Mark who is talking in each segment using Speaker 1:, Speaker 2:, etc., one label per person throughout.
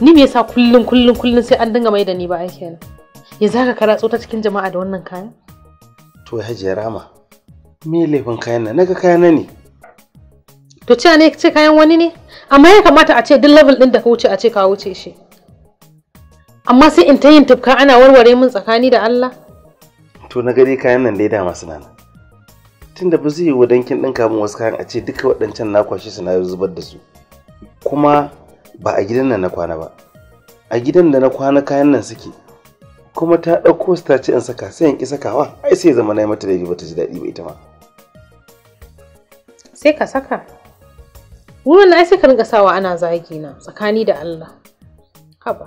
Speaker 1: ni me yasa kullun kullun kullun sai an dinga mai da ni ba ai kenan ya zaka karatso ta cikin jama'a da wannan kayan
Speaker 2: to hajiya rama me laifin kayan nan naga kayan nan ne
Speaker 1: to ce ne ce kayan wani ne amma ya kamata a ce duk level din da ka wuce a ce ka wuce shi amma sai in ta yin tufka ana warware min tsakani da Allah
Speaker 2: to na dai kayan nan dai dama suna nan tunda ba zai yi wadankin ɗinka kamun wasu kayan a ce duka waɗancan na kwashe su na zubar da su kuma ba a gidan nan na kwana ba a gidan da na kwana kayan nan suke kuma ta ɗauko su ta ce in saka sai in ki sakawa ai sai zama na yi mata daidai bata ji daɗi ba ita ma
Speaker 1: sai ka saka ruwan na ai sai ka rinka sawa ana zagi na tsakani da Allah haba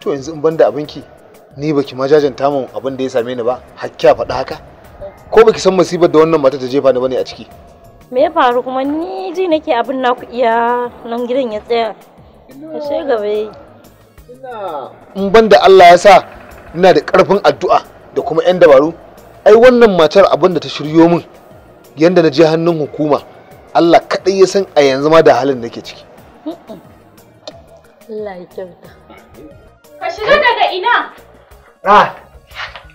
Speaker 3: to yanzu in banda abinki ni baki ma jajanta min abin da ya same ni ba a faɗa haka ko baki san masibar da wannan mata ta jefa ni bane a ciki
Speaker 4: me ya faru kuma ni ji nake abin na ku iya nan gidan ya tsaya ka she gaba yi
Speaker 3: in ban da Allah ya sa ina da karfin addu'a da kuma yan dabaru ai wannan matar abin da ta shiryo min yanda na je hannun hukuma Allah kaɗai ya san a yanzu ma da halin nake ciki
Speaker 5: Allah ya kyauta ka shiga daga ina ah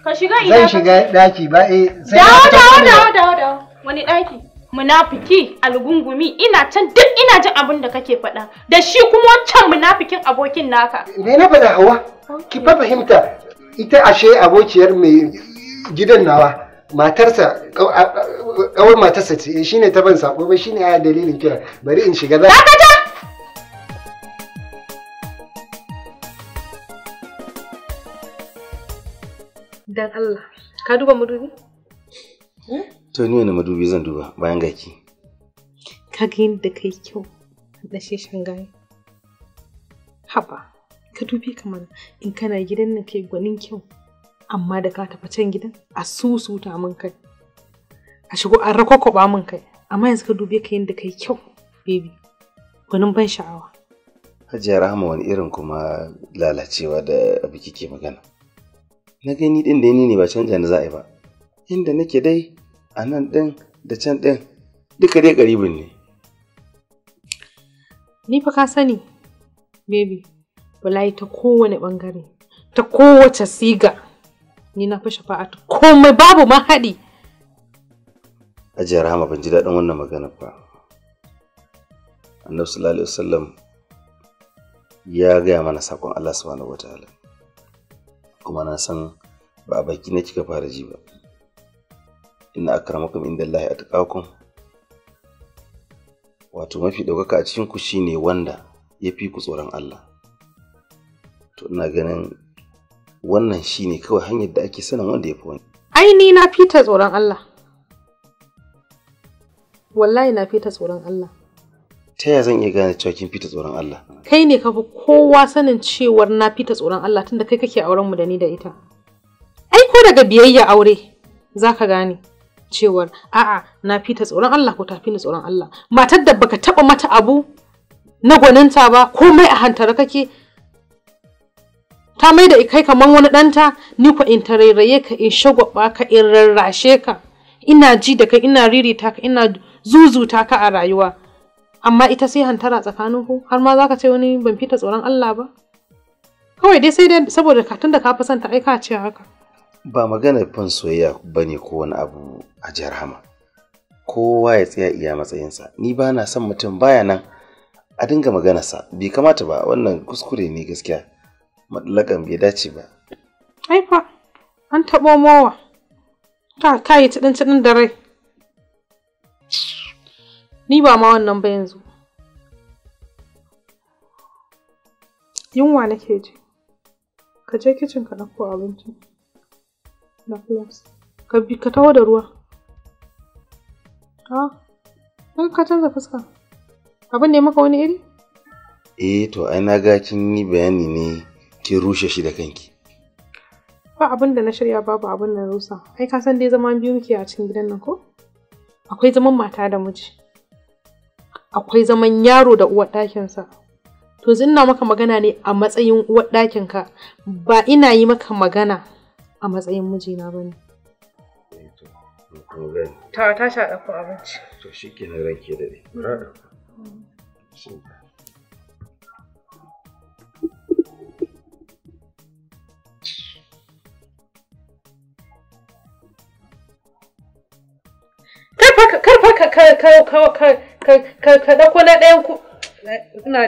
Speaker 5: ka shiga ina zan shiga
Speaker 3: daki ba eh
Speaker 5: sai dawo dawo dawo dawo wani daki munafiki algungumi ina can duk ina jin abin da kake faɗa da shi kuma wancan munafikin abokin naka
Speaker 3: me na faɗa hawa ki fa fahimta ita ashe abokiyar mai gidan nawa matarsa kawai matarsa ce eh, shine ta ban sako ba shine aya dalilin kira bari in shiga za ka
Speaker 1: dan Allah ka duba mudubi hmm?
Speaker 2: To ni wani madubi zan duba bayan gaki.
Speaker 1: Ka ga yadda kai kyau da shi shangaye. Haba, ka dubi kamar in kana gidan nan kai gwanin kyau. Amma da ka tafi can gidan a susuta min kai. A shigo an rakwakwaɓa min kai. Amma yanzu ka dubi ka yadda kai kyau, baby. Gwanin ban sha'awa.
Speaker 2: Hajiya Rahama wani irin kuma lalacewa da abu kike magana. Na gani ɗin da ni ne ba canja ni za yi ba. Inda nake dai a nan ɗin da can ɗin duka dai ƙaribin
Speaker 1: ne. Ni fa ka sani, baby, wallahi ta kowane ɓangare, ta kowace siga, ni na fi ta komai babu ma haɗi.
Speaker 2: Ajiyar Rahama ban ji daɗin wannan magana fa. Annabi sallallahu alaihi ya gaya mana sakon Allah subhanahu wataala. Kuma na san ba a baki ne kika fara ji ba. inna akramakum indallahi atqakum wato mafi ɗaukaka a cikin ku shine wanda ya fi ku tsoron Allah to ina ganin wannan shine kawai hanyar da ake sanin wanda ya fi wani
Speaker 1: ai ni na fita tsoron Allah wallahi na fita tsoron Allah
Speaker 2: ta yaya zan iya gane cewa kin fita tsoron Allah
Speaker 1: kai ne ka fi kowa sanin cewar na fita tsoron Allah tunda kai kake auren mu da ni da ita ai ko daga biyayya aure zaka gane cewar a'a na fita tsoron Allah ko ta fi ni tsoron Allah matar da baka taba mata abu na gwaninta ba komai a hantara kake ta mai da kai kamar wani ɗanta ni ku in tarairaye ka in shagwaba ka in rarrashe ka ina ji da kai ina ririta ka ina zuzuta ka a rayuwa amma ita sai hantara tsakanin ku har ma zaka ce wani ban fita tsoron Allah ba kawai dai sai dai saboda katun da ka fi son ta aika ce haka
Speaker 2: ba magana fin soyayya ba ne ko wani abu a jihar hama kowa ya tsaya iya matsayinsa ni ba na son mutum baya nan a dinga maganarsa bai kamata ba wannan kuskure ne gaskiya matlakan bai dace ba
Speaker 1: ai fa an taɓo mowa Ka ta yi cidin da rai ni ba ma wannan ba yanzu yunwa nake ji ka je kicin ka ɗauko abincin da flask ka bi ka taho da ruwa ha in ka canza fuska abin ne maka wani iri
Speaker 2: eh to ai na ga kin yi bayani ne ki rushe shi da kanki
Speaker 1: ba abin da na shirya babu abin da rusa ai ka san dai zaman biyu muke a cikin gidan nan ko akwai zaman mata da miji akwai zaman yaro da uwar ɗakinsa to ina maka magana ne a matsayin uwar ɗakinka ba ina yi maka magana a matsayin mijina ba ne. Eh ta ta sha ɗauko abinci. To shi ke ranke da ne. Karfa ka ka na ka ku. ka ka ka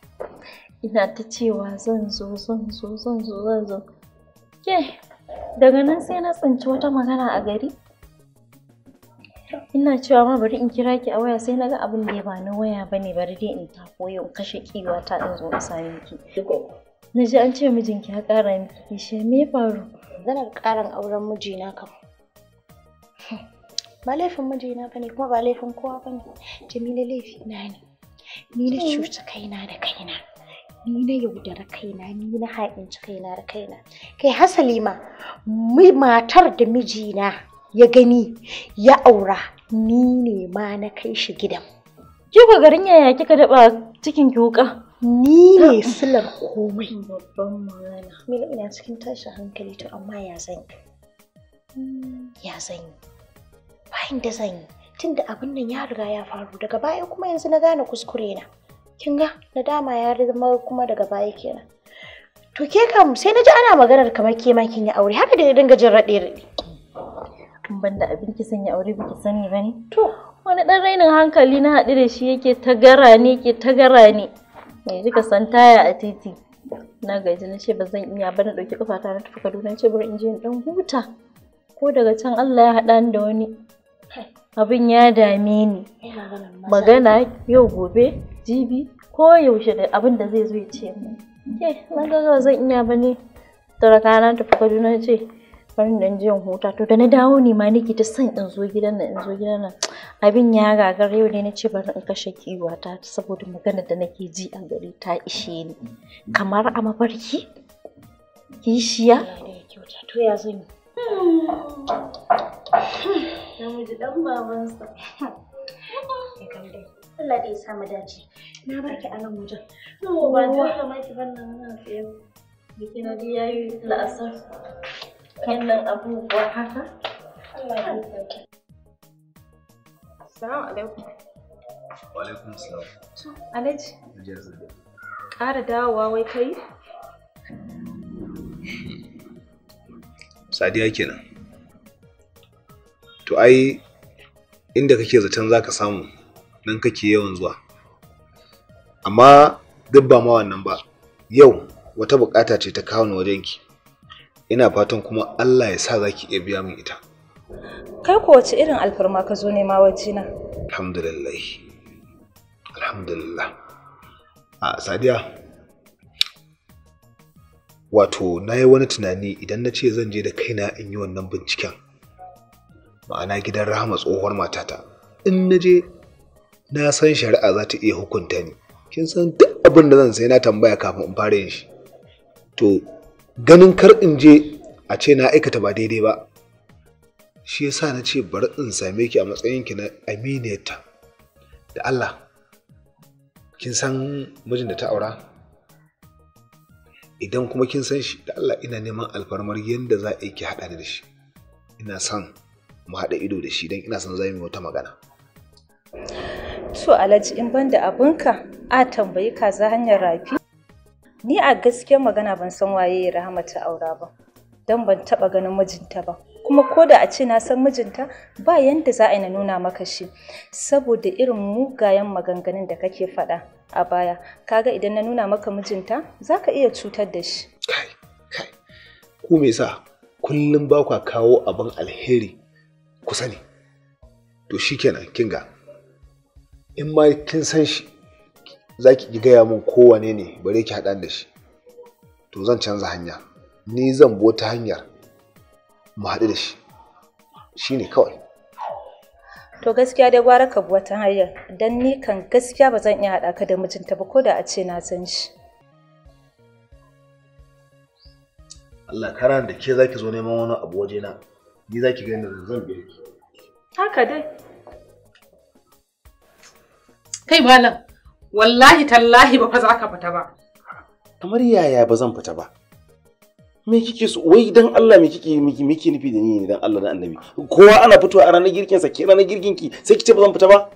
Speaker 4: ina ta cewa zan zo zan zo zan zo zan zo ke daga nan sai na tsinci wata magana a gari ina cewa ma bari in kira ki a waya sai naga abin da ya ba na waya ba ne bari dai in ta koyo in kashe kiwa ta in zo in same ki na ji an ce mijinki ya ƙara miki kishi me faru zanar karan auren
Speaker 6: mijina kam ba laifin mijina ba ne kuma ba laifin kowa bane ne jamila laifi na ne ni na cuta kaina da kaina ni na yaudara kaina ni na haɗinci kaina da kaina kai hasali ma matar da mijina ya gani ya aura ni ne ma na kai shi
Speaker 4: gidan ga garin yaya kika daba cikin kyuka
Speaker 6: ni ne silar komai babban magana ina cikin tashin hankali to amma ya zan ya zan bayan da zan yi tunda abin nan ya riga ya faru daga baya kuma yanzu na gane kuskure na kin ga nadama ya zama kuma daga baya
Speaker 4: kenan to ke kam sai na ji ana maganar kamar ke ma kin yi aure haka da dinga jin raɗe raɗe kun ban da abin ki sanya aure biki sani ba ne to wani ɗan rainin hankali na haɗu da shi yake ta gara ne ke ta gara ne ji ka san taya a titi na gaji na ce ba zan iya ba na ɗauki ƙafata na tafi kaduna ce bari in je in ɗan huta ko daga can Allah ya haɗa ni da wani abin ya dame ni magana yau gobe jibi ko yaushe da abin da zai zo ya ce mu ke nan ga zan iya ba ne da rakana ta fi kaduna ce bari dan jiyan huta to da na dawo ne ma nake ta san in zo gidan nan in zo gidan nan abin ya gagar yau ne na ce bari in kashe ta saboda magana da nake ji a gari ta ishe ni kamar a mafarki kishiya eh, to ya zan yi hmm. namiji dan babansa
Speaker 6: Allah da ya sa mu dace. Na barki a nan wajen. Yau ba ta da
Speaker 4: maki wannan nan tsaye. Biki na ji yayi la'asar. Wannan abubuwa haka. Allah ya sauke. Assalamu alaikum. Wa alaikum salam. To, Alhaji.
Speaker 5: Kara dawowa wai kai?
Speaker 3: Sadiya kenan. To ai inda kake zaton zaka samu nan kake yawan zuwa amma duk ba ma wannan ba yau wata bukata ce ta kawo wajen ki ina fatan kuma Allah ya sa zaki iya biya min ita
Speaker 5: kai ko wace irin alfarma ka zo nema na.
Speaker 3: alhamdulillah alhamdulillah a sadiya wato na yi wani tunani idan na ce zan je da kaina in yi wannan binciken ma'ana gidan rahama tsohuwar matata in na je na san shari'a za ta iya hukunta ni kin san duk abin da zan sai na tambaya kafin in fara yin shi to ganin kar in je a ce na aikata ba daidai ba shi yasa na ce bari in same ki a matsayin ki na aminiyarta da Allah kin san mijin da ta aura idan kuma kin san shi da Allah ina neman alfarmar yadda za a yi ki haɗa da shi ina son mu haɗa ido da shi don ina son za mu yi wata magana
Speaker 5: To Alhaji in ban banda abinka a tambayi ka za hanyar rafi? Ni a gaskiya magana ban san waye Rahama ta aura ba, dan ban taba ganin mijinta ba. Kuma ko da a ce na san mijinta ba yanda za a na nuna maka shi, saboda irin mugayen maganganun da kake faɗa a baya. Kaga idan na nuna maka mijinta za ka iya cutar da shi. Kai,
Speaker 3: kai, ku me sa kullum ba kwa kawo abin alheri ku sani. To shikenan kinga. in ma kin san shi za ki gaya min kowane ne bare ki haɗa da shi to zan canza hanya ni zan bo ta hanyar mu haɗu da
Speaker 5: shi shi ne kawai to gaskiya dai gwara ka bi ta hanyar don ni kan gaskiya ba zan iya haɗa ka da mijinta ba ko da a ce na san shi
Speaker 3: Allah karan da ke zaki zo neman wani abu wajena ni zaki gani zan ki
Speaker 1: haka dai Kai malam, wallahi tallahi ba fa za ka fita ba. Kamar
Speaker 2: yaya ba zan fita ba? Me kike so? Wai dan Allah me kike miki miki nufi da ni ne dan Allah da Annabi? Kowa ana fitowa a ranar girkin sa, ke ranar girkin ki sai kice ba zan fita ba?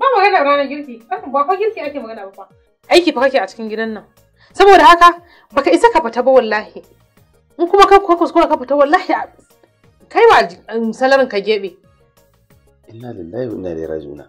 Speaker 1: Ba magana ranar girki, ba fa girki ake magana ba fa. Aiki fa kake a cikin gidan nan. Saboda haka baka isa ka fita ba wallahi. In kuma ka kuskura ka fita wallahi kai ma salarin ka gebe.
Speaker 2: Inna lillahi wa inna ilaihi raji'un.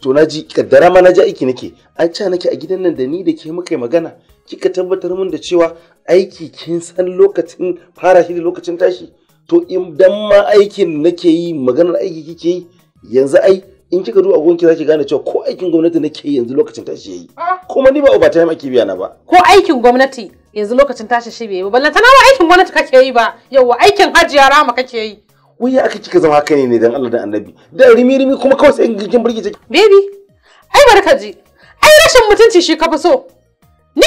Speaker 2: to na ji kaddara ma na ji aiki nake an ca nake a gidan nan da ni da ke muka magana kika tabbatar min da cewa aiki kin san lokacin fara shi da lokacin tashi to idan ma aikin nake yi maganar aiki kike yi yanzu ai in kika duba agonki zaki gane cewa ko aikin gwamnati nake yanzu lokacin tashi yayi ah. kuma ni ba ba ta yi biya na ba
Speaker 1: ko aikin gwamnati yanzu lokacin tashi shi bai yi ba ballantana aikin gwamnati kake yi ba yauwa aikin hajiya rama kake yi
Speaker 2: wai ya aka kika zama haka ne ne dan Allah dan Annabi da rimi rimi kuma kawai sai kin take
Speaker 1: baby ai barka ji ai rashin mutunci shi ka fi so ni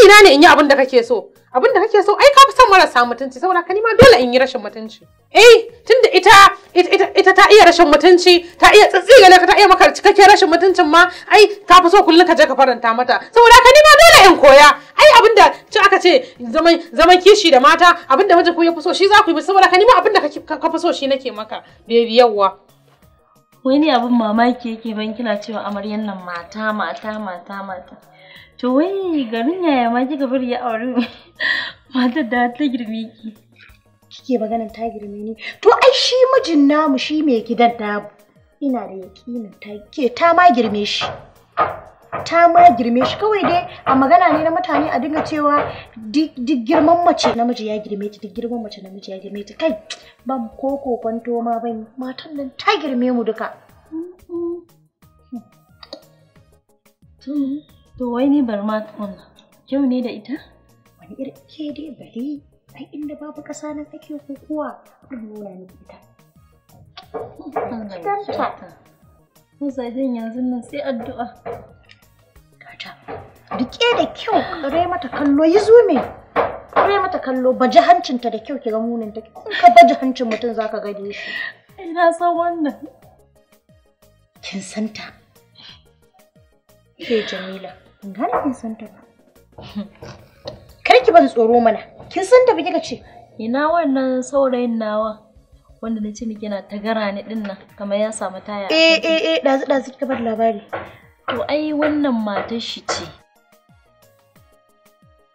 Speaker 1: kuma na ne in yi abin da kake so abin da kake so ai ka fi son marasa mutunci saboda ka nima dole in yi rashin mutunci eh tunda ita ita ta iya rashin mutunci ta iya tsitsigale ka ta iya maka cikakken rashin mutuncin ma ai ka fi so kullum ka je ka faranta mata saboda ka nima dole in koya ai abin da ci aka ce zaman zaman kishi da mata abin da mijin ku ya fi so shi za ku yi saboda ka nima abin da ka fi so shi nake maka baby yawwa
Speaker 4: wani abin mamaki yake ban kina cewa amaryan nan mata mata mata mata to wai garin yaya ma kika bari ya auri matar da ta girme ki kike maganar ta girme ni
Speaker 6: to ai shi mijin namu shi mai gidan namu ina da yakinin ta ke ta ma girme shi ta ma girme shi kawai dai a magana ne na mutane a dinga cewa duk girman mace namiji ya girme ta duk girman mace namiji ya girme ta kai
Speaker 4: ban ko kwanto ma ban matan nan ta girme mu duka To wai ni bar ma Kyau ne da ita? Wani iri ke dai bari. Ai inda babu ƙasa nan ake kokowa ɗin nuna miki ita. Kitanta. Mazajen yanzu nan sai addu'a. Rike da kyau kare mata kallo
Speaker 6: yi zume. Kare mata kallo baji hancinta da kyau kira ga munin take. Kun ka baji hancin mutum zaka gane shi.
Speaker 4: Ina san wannan. Kin santa.
Speaker 6: Ke Jamila. Ban gane kin san ta ba.
Speaker 4: Kar ki ban tsoro mana. Kin san ta ba kika ce. Ina wannan saurayin nawa wanda na ce miki kina tagara ne din nan kamar ya samu taya. Eh, eh eh eh dazu dazu kika bar labari. To ai wannan matar shi ce.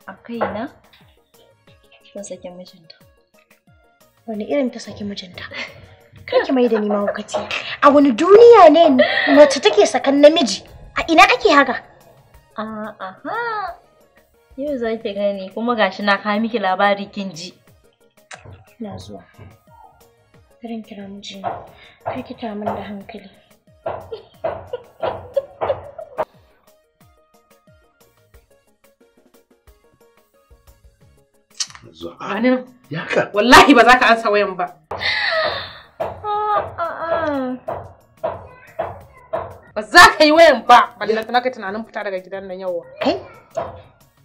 Speaker 4: A na ta sake mijinta. Wani irin ta sake
Speaker 6: mijinta? Kar ki mai da ni ma A wani duniya ne mace take sakan
Speaker 4: namiji? A ina ake haka? Aha, yau za ki gani kuma ga shi na kawo miki labari kin ji. na zuwa.
Speaker 6: Karin kira mijina, kai ki ta min da hankali.
Speaker 1: Zuwa. Ya Wallahi ba za ka ansa wayan ba. ba za ka yi wayan ba ballanta na ka tunanin fita daga gidan nan yau kai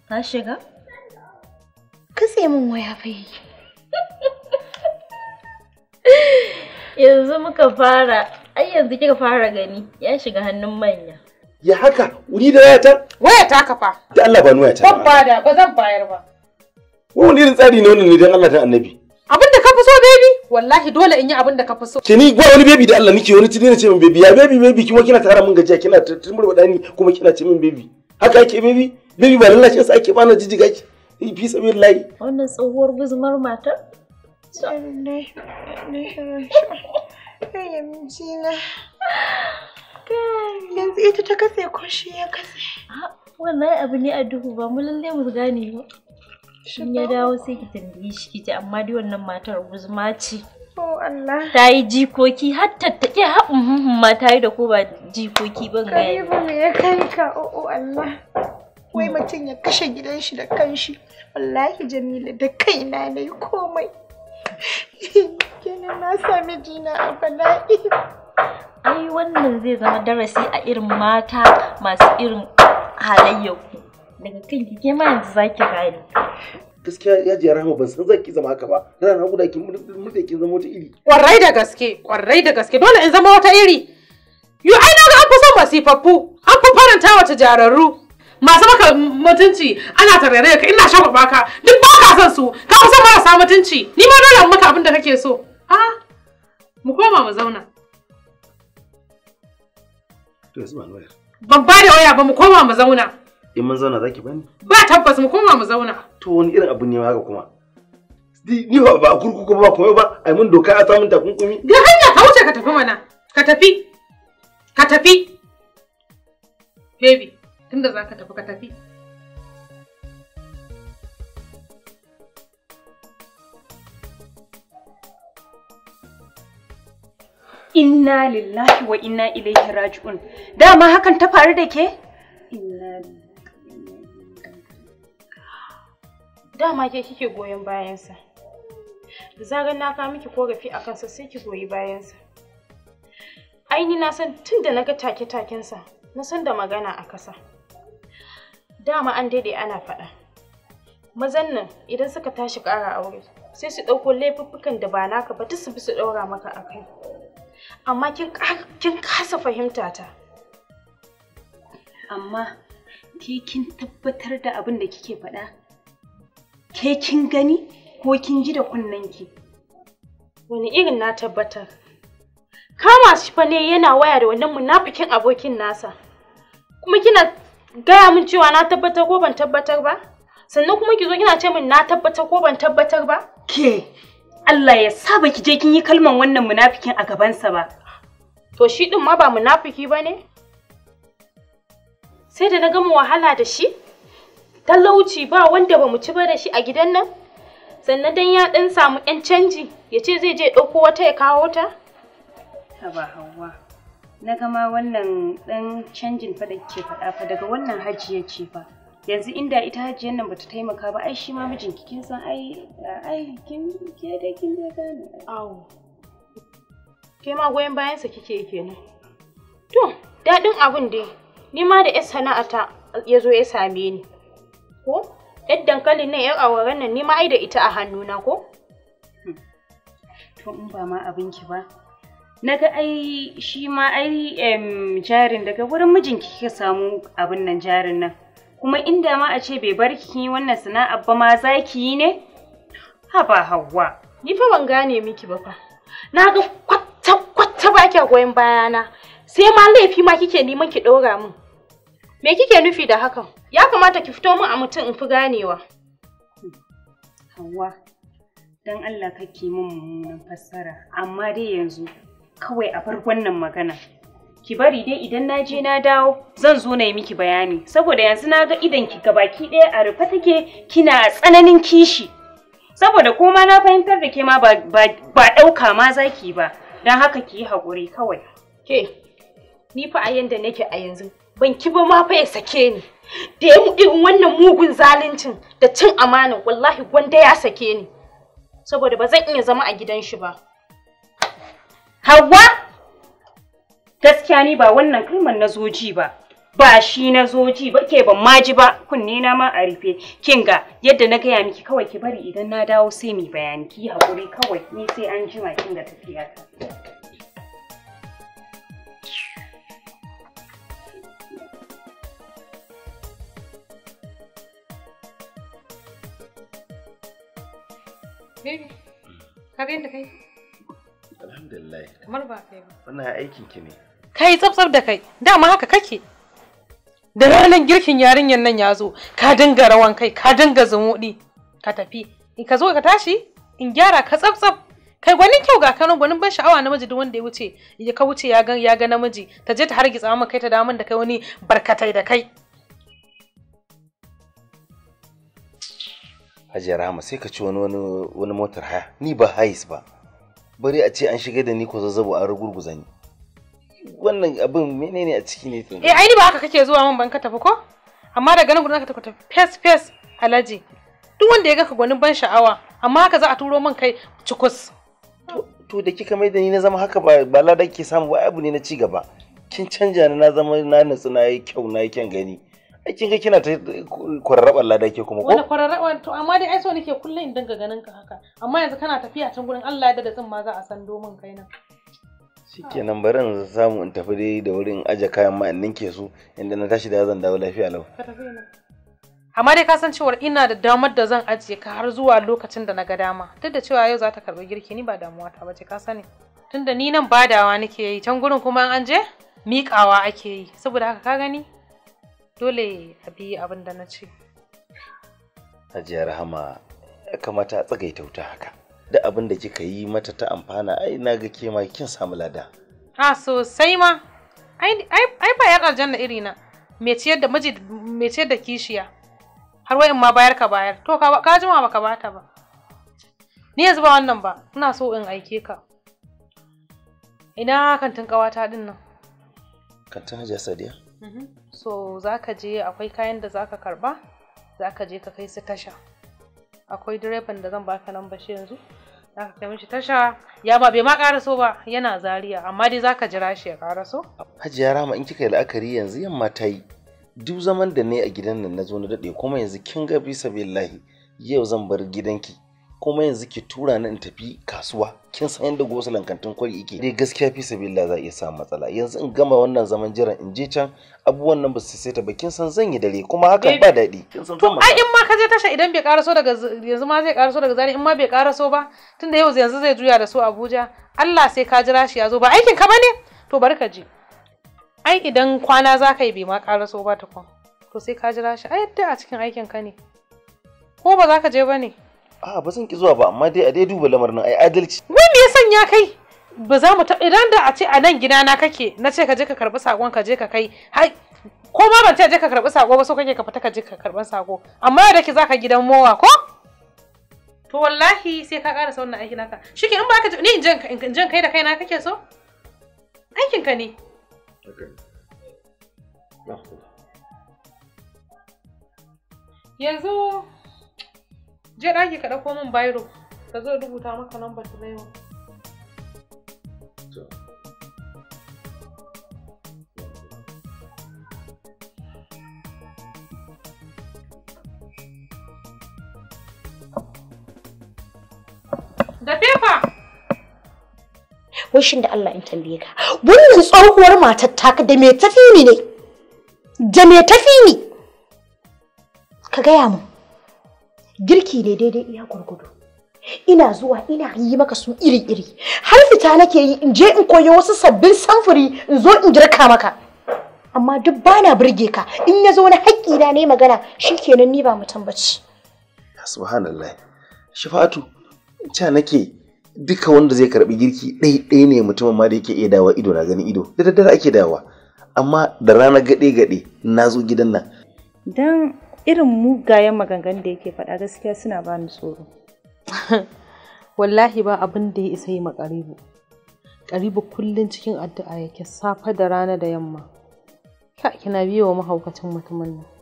Speaker 1: na shiga
Speaker 4: katse min waya fa yi yanzu muka fara ai yanzu kika fara gani ya shiga hannun
Speaker 1: manya
Speaker 2: ya haka wuri da wayata
Speaker 1: wayata ka fa
Speaker 2: da Allah ba ni wayata ba
Speaker 1: ba da ba zan bayar ba
Speaker 2: wannan irin tsari ne wannan ne dan Allah ta annabi
Speaker 1: abin da ka fi so baby wallahi dole in yi abin da ka fi so ke ni
Speaker 2: ba wani baby da Allah nake wani tunani ce min baby ya baby baby kuma kina tara min gajiya kina tumur wadani kuma kina ce min baby haka ake baby baby ba lallacin sa ake bana jijiga ki ni fi sabin layi
Speaker 4: wannan tsohuwar guzumar matar yanzu ita ta kase ko shi ya kase wannan abu ne a duhu ba mu lalle mu gane ba in ya dawo sai ki tambaye shi ki ji amma dai wannan matar guzma ce
Speaker 6: oh, Allah.
Speaker 4: Ta yi jikoki har ha haɓin ma ta yi da ko ba jikoki ban gaya. Karibu me
Speaker 6: ya kai ka o'o oh, oh, Allah. Wai mutum ya kashe gidan shi da kanshi. Wallahi Jamila da kaina na yi komai.
Speaker 4: Kenan na sami jina a bala'i. Ai wannan zai zama darasi a irin mata masu irin halayyaku. daga kan ki ke ma yanzu zaki gane
Speaker 2: gaskiya ya ji rahama ban san zaki zama haka ba da na guda kin mutai kin zama wata iri
Speaker 1: kwarai da gaske kwarai da gaske dole in zama wata iri yo ai na ga an fi son masifaffu an fi faranta wata jararru masu maka mutunci ana tarare ka ina shafa baka duk ba ka son su ka kusa marasa mutunci ni ma dole maka abin da kake so a mu koma mu zauna to yanzu ba ban ba da waya ba mu koma mu zauna
Speaker 2: in mun zauna zaki bani
Speaker 1: ba tabbas mu koma mu zauna
Speaker 2: to wani irin abu ne haka kuma ni ba ba kurkuku ba kuma ba ai mun doka a samun takunkumi da hanya ka wuce ka tafi mana
Speaker 1: ka tafi ka tafi baby tunda za ka tafi ka tafi
Speaker 5: Inna lillahi wa inna ilaihi raji'un. Dama hakan ta faru da ke? dama ke kike goyon bayansa da zarar na kawo miki korafi a kansa sai ki goyi bayansa aini na san tun da na ga take-takensa na san da magana a kasa dama an daidai ana faɗa mazan nan idan suka tashi ƙara aure sai su ɗauko laifuffukan da ba naka ba duk su bi su ɗaura maka a kai amma kin kasa fahimta ta amma ki kin tabbatar da abin da kike faɗa ke kin gani ko kin ji da ki? Wani irin na tabbatar. Kama shi fa ne yana waya da wannan munafikin abokin nasa. Kuma kina gaya min cewa na tabbatar ko ban tabbatar ba? Sannan kuma ki zo kina ce min na tabbatar ko ban tabbatar ba? Ke, Allah ya sa ba ki je kin yi kalman wannan munafikin a gabansa ba. To shi ɗin ma ba munafiki ba ne? Sai da na gama wahala da shi? talauci ba wanda ba mu ci ba da shi a gidan nan sannan dan ya dan samu ƴan canji ya ce zai je ɗauko wata ya kawo ta haba hawa na gama wannan dan canjin fa da ke faɗa fa daga wannan ya ce fa yanzu inda ita hajiyar nan bata taimaka ba ai shi ma mijinki kin san ai ai kin ke da kin da gane awo ke ma goyon bayansa kike kenan to daɗin abin dai ni ma da ƴar sana'ata ya zo ya same ni ko yadda dankalin nan yar awaran nan ni ma ai da ita a hannu na ko hmm. to in ba ma abinki ba naga ai shi ma ai jarin daga wurin mijinki kika samu abin nan jarin nan kuma inda ma a ce bai bar ki wannan sana'a, ba ma za yi ne ha ba hawa ni fa ban gane miki ba fa na ga kwata kwata ba kya goyon bayana sai ma laifi ma kike neman ki ɗora mun. Me kike nufi da hakan? Ya kamata ki fito min a mutum in fi ganewa. Hauwa, don Allah kake min mummunan fassara, amma dai yanzu kawai a bar wannan magana. Ki bari dai idan na je na dawo zan zo na yi miki bayani, saboda yanzu na ga idan ki gabaki ɗaya a rufe take kina tsananin kishi. Saboda koma na fahimtar da ke ma ba ɗauka ma zaki ba, don haka ki yi haƙuri kawai. Ke, ni fa a yanda nake a yanzu ban ki ba ma fa ya sake ni da ya mu irin wannan mugun zaluncin da cin amana wallahi gwanda ya sake ni saboda ba zan iya zama a gidan shi ba hawa gaskiya ni ba wannan kalmar na zoji ba ba shi na zoji ba ke ban maji ba kunne na ma a rufe ga, yadda na gaya miki kawai ki bari idan na dawo sai mu bayani ki haƙuri kawai ni sai an jima kinga tafiya ta
Speaker 1: Mm. ka yadda kai? kai tsabtsab da kai, dama haka kake. Da ranar girkin yarinyar nan ya zo, ka dinga rawan kai, ka dinga zumuɗi, ka tafi. In ka zo ka tashi, in gyara ka tsabtsab. Kai gwanin kyau ga Kano gwanin ban sha'awa namiji duk wanda ya wuce, ya ka wuce ya ga namiji, ta je ta hargitsa maka kai ta damun da kai wani barkatai da kai.
Speaker 2: hajiya rahama sai ka ci wani wani motar haya ni ba hais ba bari a ce an shiga da ni ko zazzabo an rugurguza ni wannan abin menene a ciki ne eh
Speaker 1: ai ni ba haka kake zuwa min ban ka tafi ko amma daga nan gudun ka tafi fes fes alaji duk wanda ya ga ka gwanin ban sha'awa amma haka za a turo min kai cikus to
Speaker 2: da kika mai da ni na zama haka ba ba lada ke samu ba abu ne na ci gaba kin canja ni na zama na nutsu na yi kyau na yi kyan gani ai kin ga kina ta kwararrabar lada ke kuma ko wani
Speaker 1: kwararrabar to amma dai ai so nake kullum in dinga ganin ka haka amma yanzu kana tafiya can gurin Allah ya da tsin ma za a san domin kai nan
Speaker 2: shikenan bari in samu in tafi dai da wurin aje kayan ma in ninke su inda na tashi da zan dawo lafiya lau
Speaker 1: amma dai ka san cewar ina da damar da zan ajiye ka har zuwa lokacin da na ga dama duk da cewa yau za ta karɓi girki ni ba damuwa ta bace ka sani tunda ni nan badawa nake yi can gurin kuma an je miƙawa ake yi saboda haka ka gani dole a bi abin da na ce
Speaker 2: hajiya rahama ya kamata a tsagai wuta haka da abin da kika yi mata ta amfana ai na ga ke ma kin samu lada
Speaker 1: a sosai ma ai ba yar aljanna iri na me ciyar da miji me ciyar da kishiya har wai in ma bayar ka bayar to ka ka jima baka bata ba ni yanzu ba wannan ba ina so in aike ka ina kantin kawata din nan
Speaker 2: kantin hajiya sadiya
Speaker 1: Mm-hmm. so za ka je akwai kayan da za ka karba za ka je ka kai su tasha akwai direban da zan baka nan bashi yanzu za ka kai mishi tasha ya ba bai ma karaso ba yana zaria amma dai za ka jira shi ya karaso
Speaker 2: hajiya rama in kika yi la'akari yanzu yamma ta yi duk zaman da ne a gidan nan na zo na daɗe kuma yanzu kin ga bisa billahi yau zan bar gidanki kuma yanzu ki tura ni in tafi kasuwa kin san yadda gosu kantin kwari yake dai gaskiya fi sabilla za iya samu matsala yanzu in gama wannan zaman jiran in je can abubuwan nan ba su saita ba kin san zan yi dare kuma hakan ba daɗi to ai
Speaker 1: in ma ka je tasha idan bai karaso daga yanzu ma zai karaso daga zari in ma bai karaso ba tunda yau yanzu zai juya da su Abuja Allah sai ka jira shi ya zo ba aikin ka bane to bari ka je ai idan kwana za ka yi bai ma karaso ba tukun to sai ka jira shi ai a cikin aikin ka ne ko ba za ka je ba ne
Speaker 2: Ah, ba zan ki zuwa ba amma dai a dai duba lamarin ai adalci
Speaker 1: wai me ya sanya kai ba za mu idan da a ce a nan gida na kake na ce ka je ka karbi sakon ka je ka kai Hai, ko ma ban ce je ka karbi sako ba so kake ka fita ka je ka karban sako amma yadda ki zaka gidan mowa ko to wallahi sai ka ƙara wannan aiki naka shike in ba ka ni in je je kai da kaina kake so aikin ka ne yanzu je ɗaki ka ɗauko min biro ka zo rubuta maka lambar ta yau Da fefa!
Speaker 6: Wishin da Allah in tambaye ka, wannan tsohuwar matar taka da me tafi ni ne? Da me tafi ni? Ka gaya mu. girki ne daidai iya gurgudu ina zuwa ina yi maka su iri-iri har fita nake yi in je in koyo wasu sabbin samfuri in zo in girka maka amma duk bana burge ka in ya zo na haƙƙi na ne magana shikenan ni ba mutum bace
Speaker 2: subhanallah shafa'atu ca nake duka wanda zai karbi girki ɗai ne mutumin ma da yake iya dawa ido na gani ido da daddare ake dawa amma da rana gaɗe-gaɗe na zo gidan nan
Speaker 5: dan irin mugayen maganganun da yake faɗa
Speaker 1: gaskiya suna bani tsoro wallahi ba abin da ya isa yi ƙaribu. karibu kullum cikin addu'a yake safe da rana da yamma ka kina biyo mahaukacin mutumin nan